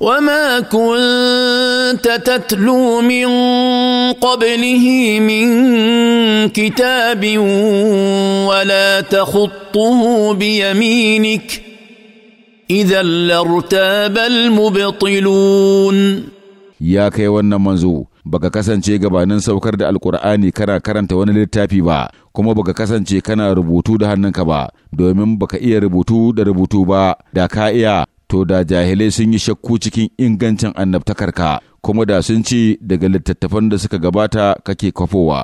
وما كنت تتلو من قبله من كتاب ولا تخطه بيمينك اذا لارتاب المبطلون يا كي wannan manzo baka kasance gabanin saukar da alkur'ani kana karanta wani littafi ba kuma baka kasance kana rubutu da hannunka ba domin baka iya rubutu da rubutu ba da ka iya to da jahilai sun yi shakku cikin ingancin annabtakarka kuma da sun ce daga littattafan da suka gabata kake kwafowa